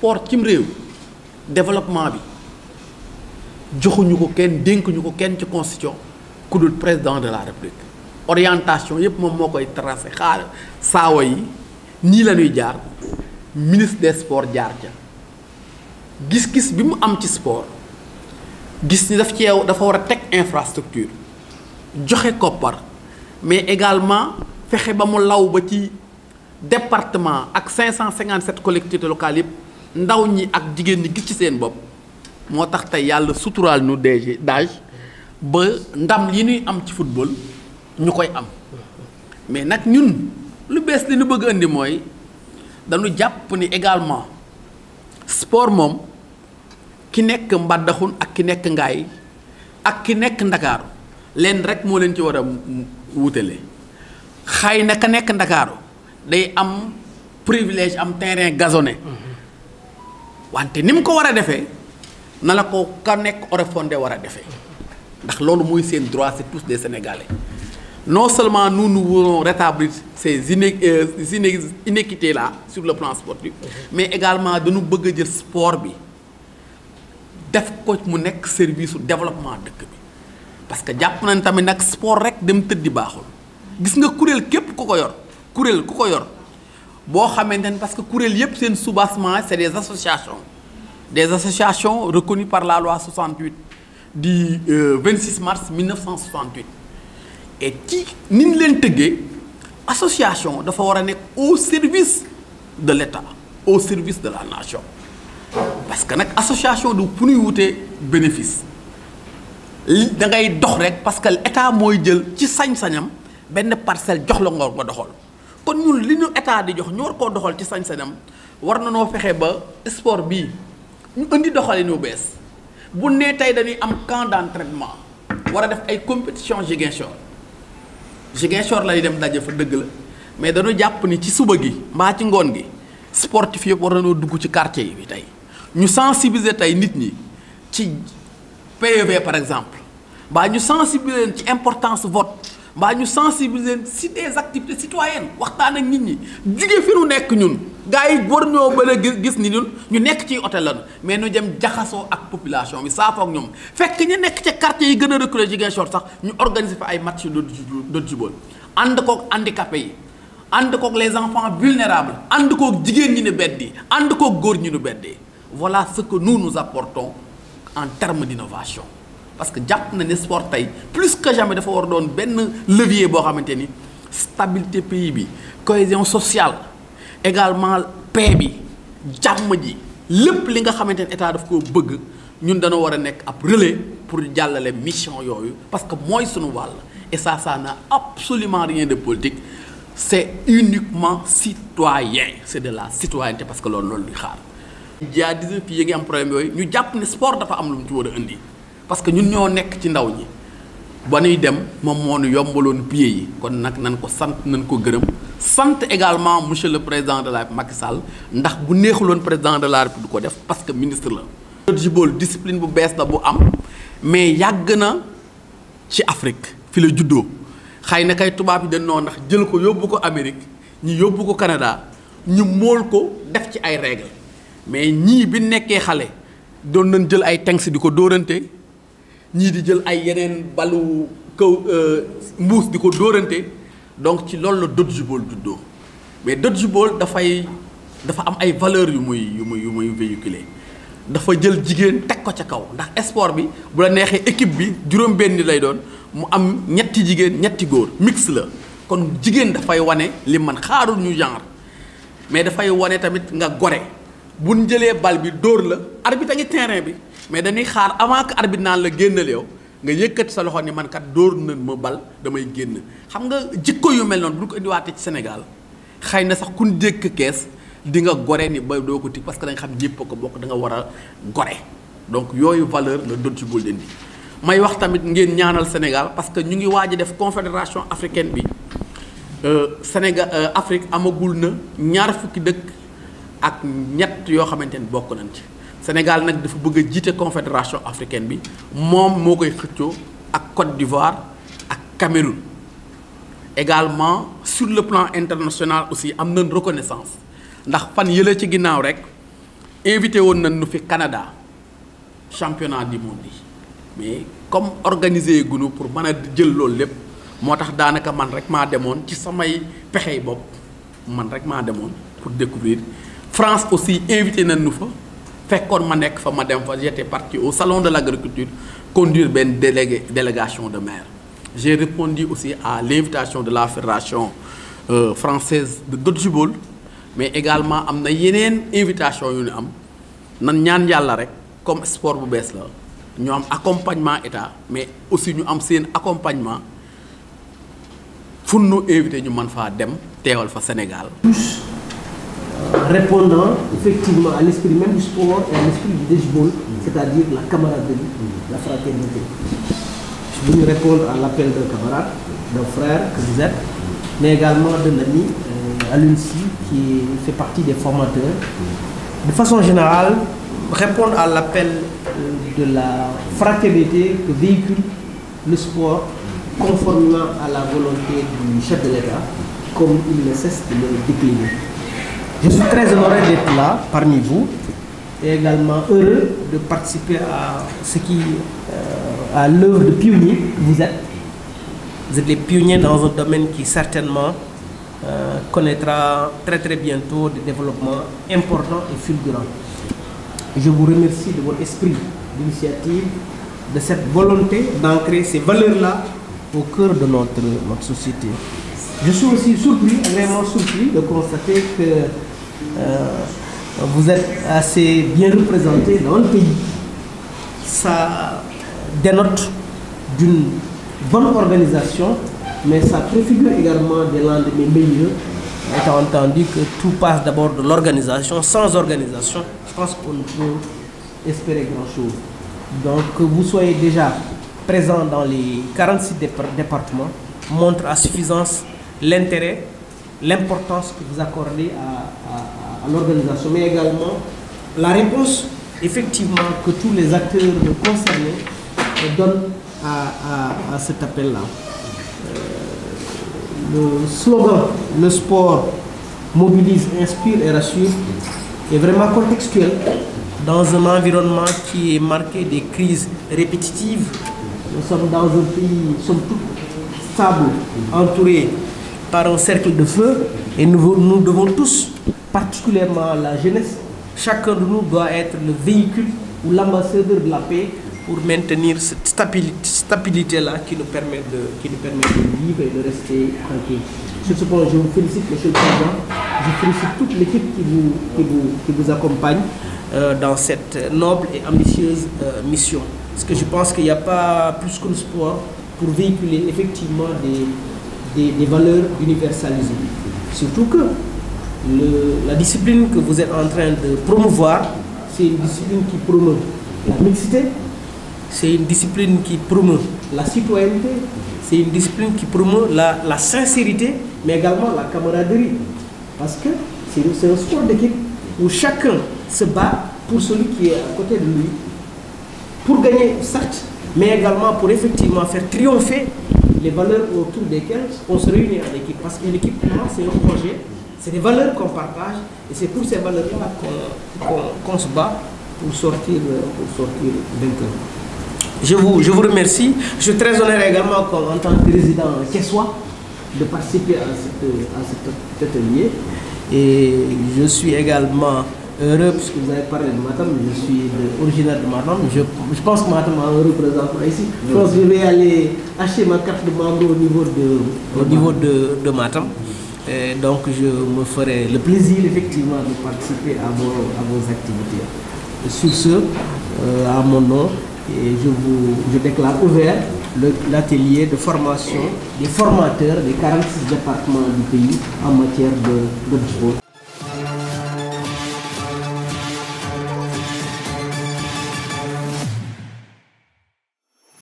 port cim réew développement bi joxuñu ko kenn dénkuñu ko kenn ci constitution ku dul président de la république orientation yëpp moom moo koy tracé xaar saawa yi nii la ñuy jaar ministre des sports jaar ca gis-gis bi mu am ci sport gis ni daf ci yow dafa war a teg infrastructure joxe koppar mais également fexe ba mu law ba ci département ak 557 collectivités locales yëpp. ndaw ñi ak jigéen ñi gis ci seen bopp moo tax tey yàlla suturaal nu DG daaj ba ndam yi ñuy am ci football ñu koy am mais nag ñun lu bees li ñu bëgg indi mooy dañu jàpp ni également sport moom ki nekk mbaddaxun ak ki nekk ngaay ak ki nekk ndakaaru leen rek moo leen ci war a wutale xay na ka nekk ndakaaru day am privilège am terrain gazonné wante ni mu ko war a defee na la ko ka nekk Oréfondé war a defee ndax loolu muy seen droit c'est tous des Sénégalais non seulement nous nous voulons rétablir ces iné euh, inéquités là sur le plan sportif mais également danu bëgg a jël sport bi def ko mu nekk service su développement dëkk bi parce que jàpp nañ tamit nag sport rek dem tëddi baaxul gis nga kuréel képp ku ko yor kuréel ku ko yor boo xamante ne parce que kuréel yëpp seen soubassement c'est des associations des associations reconnues par la loi 68 du 26 euh, mars 1968 et ci ni ñu leen tëggee association dafa war a nekk au service de l'État au service de la nation parce que nag association du pour ñuy wutee bénéfice li da ngay dox rek parce que l'État mooy jël ci sañ-sañam benn parcelle jox la ngoor nga doxal. kon ñun li ñu état di jox ñu war koo doxal ci sañ-sañam war na noo fexe ba sport bi ñu indi doxalin wu bees bu nee tey dañuy am camp d'entraînement war a def ay compétition Ziguinchor Ziguinchor lay dem daje fa dëgg la mais dañu jàpp ni ci suba gi mbaa ci ngoon gi sportif yëpp war nañoo dugg ci quartier yi tey ñu sensibiliser tey nit ñi ci PEV par exemple mbaa ñu sensibiliser ci importance vote mbaa ñu sensibiliser si des activités citoyennes waxtaan ak nit ñi jugee fi nu nekk ñun gars yi war ñoo ba a gis ni ñun ñu nekk ci hôtel lan mais ñu jëm jaxasoo ak population bi saafoo ñoom fekk ñu nekk ca quartier yi gën a reculé Ziguinchor sax ñu organiser fa ay match de de football ànd koog handicapé yi ànd koog les enfants vulnérables ànd koog jigéen ñi nu beddi ànd koog góor ñi nu beddi voilà ce que nous nous apportons en termes d'innovation parce que jàpp na ne sport tey plus que jamais dafa war doon benn levier boo xamante ni stabilité pays bi cohésion sociale également paix bi jàmm ji lépp li nga xamante ne état daf ko bëgg ñun dana war a nekk ab relais pour jàllale mission yooyu parce que mooy sunu wàll et ça ça n'a absolument rien de politique c'est uniquement citoyen c'est de la citoyenneté parce que loolu loolu luy xaar. jaa 19 yi am problème yooyu ñu jàpp ne sport dafa am lu mu ci war a indi. parce que ñun ñoo nekk ci ndaw ñi ba nuy dem moom moo nu yombaloon pied yi kon nag nañ ko sant nañ ko gërëm sant également monsieur le président de la Macky Sall ndax bu neexuloon président de la République du ko def parce que ministre la. jibool discipline bu bees la bu am mais yàgg na ci Afrique fi la juddoo xëy na kay tubaab yi dañ noo ndax jël ko yóbbu ko Amérique ñu yóbbu ko Canada ñu mool ko def ci ay règles mais ñii bi nekkee xale doon nañ jël ay tanks di ko dóorante. ñii di jël ay yeneen balu kaw euh, mbuus di ko dóorante donc ci loolu la dodgeball juddoo mais dodgeball dafay dafa am ay valeur yu muy yu muy yu muy véhiculer dafa jël jigéen teg ko ca kaw ndax sport bi bu la neexee équipe bi juróom benn lay doon mu am ñetti jigéen ñetti góor mix la kon jigéen dafay wane li man xaarul ñu genre mais dafay wane tamit nga gore bu ñu jëlee bal bi dóor la arbitre a ngi terrain bi mais dañuy xaar avant que arbitre naan la génnal yow nga yëkkati sa loxo ni mankat dóor na ma bal damay génn xam nga jikko yu mel noonu bu ñu ko indiwaatee ci Sénégal xëy na sax ku ñu dékk kees di nga gore ni ba doo ko ti parce que da nga xam ñëpp ko bokk da nga war gore donc yooyu valeur la doon ci Golden bi may wax tamit ngeen ñaanal Sénégal parce que ñu ngi waaj a def confédération africaine bi euh, Sénégal euh, Afrique amagul na ñaar fukki dëkk. ak ñett yoo xamante ni bokk nañ ci Sénégal nag dafa bëgg a jiite confédération africaine bi moom moo koy xëccoo ak Côte d'Ivoire ak Cameroun également sur le plan international aussi am nañ reconnaissance ndax fan yële ci ginnaaw rek invité woon nañ nu fi Canada championnat du monde yi mais comme organiser gunu pour mën a jël loolu lépp moo tax daanaka man rek maa demoon ci samay pexey bopp man rek maa demoon pour découvrir France aussi invité nañ nu fa fekkoon ma nekk fa ma dem fa j'étais parti au salon de l'agriculture conduire benn délégué délégation de maire j'ai répondu aussi à l'invitation de la fédération euh, française de dodgeball mais également am na yeneen invitation yu ñu am nan ñaan yàlla rek comme sport bu bees la ñu am accompagnement état mais aussi ñu am seen accompagnement fu nu invité ñu mën faa dem teewal fa Sénégal répondant effectivement à l'esprit même du sport et à l'esprit du dashball, c'est-à-dire la camaraderie, la fraternité. Je répondre à l'appel d'un camarade, d'un frère que vous mais également d'un ami, euh, qui fait partie des formateurs. De façon générale, répondre à l'appel euh, de la fraternité que véhicule le sport conformément à la volonté du chef de l'État, comme il ne cesse de le décliner. Je suis très honoré d'être là parmi vous également heureux de participer à ce qui euh, à l'œuvre de pionnier vous êtes. Vous êtes les pionniers dans un domaine qui certainement euh, connaîtra très très bientôt des développements importants et fulgurants. Je vous remercie de votre esprit d'initiative, de cette volonté d'ancrer ces valeurs-là au cœur de notre, notre société. Je suis aussi surpris, vraiment surpris de constater que Euh, vous êtes assez bien représenté dans le pays. Ça dénote d'une bonne organisation, mais ça préfigure également des lendemains meilleurs, étant entendu que tout passe d'abord de l'organisation. Sans organisation, je pense qu'on ne peut espérer grand-chose. Donc que vous soyez déjà présent dans les 46 départements montre à suffisance l'intérêt l'importance que vous accordez à, à, à l'organisation, mais également la réponse effectivement que tous les acteurs concernés donnent à, à cet appel-là. Euh, le slogan « Le sport mobilise, inspire et rassure » est vraiment contextuel dans un environnement qui est marqué des crises répétitives. Nous sommes dans un pays, somme toute, stable, entouré par un cercle de feu et nous, nous devons tous, particulièrement la jeunesse, chacun de nous doit être le véhicule ou l'ambassadeur de la paix pour maintenir cette stabilité, stabilité là qui nous permet de qui de vivre et de rester tranquille. Sur ce point, je vous félicite, Monsieur le Président. Je félicite toute l'équipe qui qui vous qui euh, dans cette noble et ambitieuse euh, mission. Parce que je pense qu'il n'y a pas plus que le sport pour véhiculer effectivement des des, des valeurs universalisées. Surtout que le, la discipline que vous êtes en train de promouvoir, c'est une discipline qui promeut la mixité, c'est une discipline qui promeut la citoyenneté, c'est une discipline qui promeut la, sincérité, mais également la camaraderie. Parce que c'est un sport d'équipe où chacun se bat pour celui qui est à côté de lui, pour gagner, certes, mais également pour effectivement faire triompher les valeurs autour desquelles on se réunit en équipe. Parce qu'une équipe, pour c'est un projet, c'est des valeurs qu'on partage, et c'est pour ces valeurs-là qu'on qu qu se bat pour sortir, pour sortir vainqueur. Je vous, je vous remercie. Je suis très honoré également en tant que résident soit de participer à, cet atelier. Et je suis également heureux puisque vous avez parlé de Matam, je suis de, originaire de Matam, je, pense que Matam a un représentant ici. Je pense que je vais ma carte de membre au niveau de, au Et donc je me ferai le plaisir effectivement de participer à vos, à vos activités. sur ce, euh, à mon et je, vous, je déclare ouvert l'atelier de formation des formateurs des 46 départements du pays en matière de, de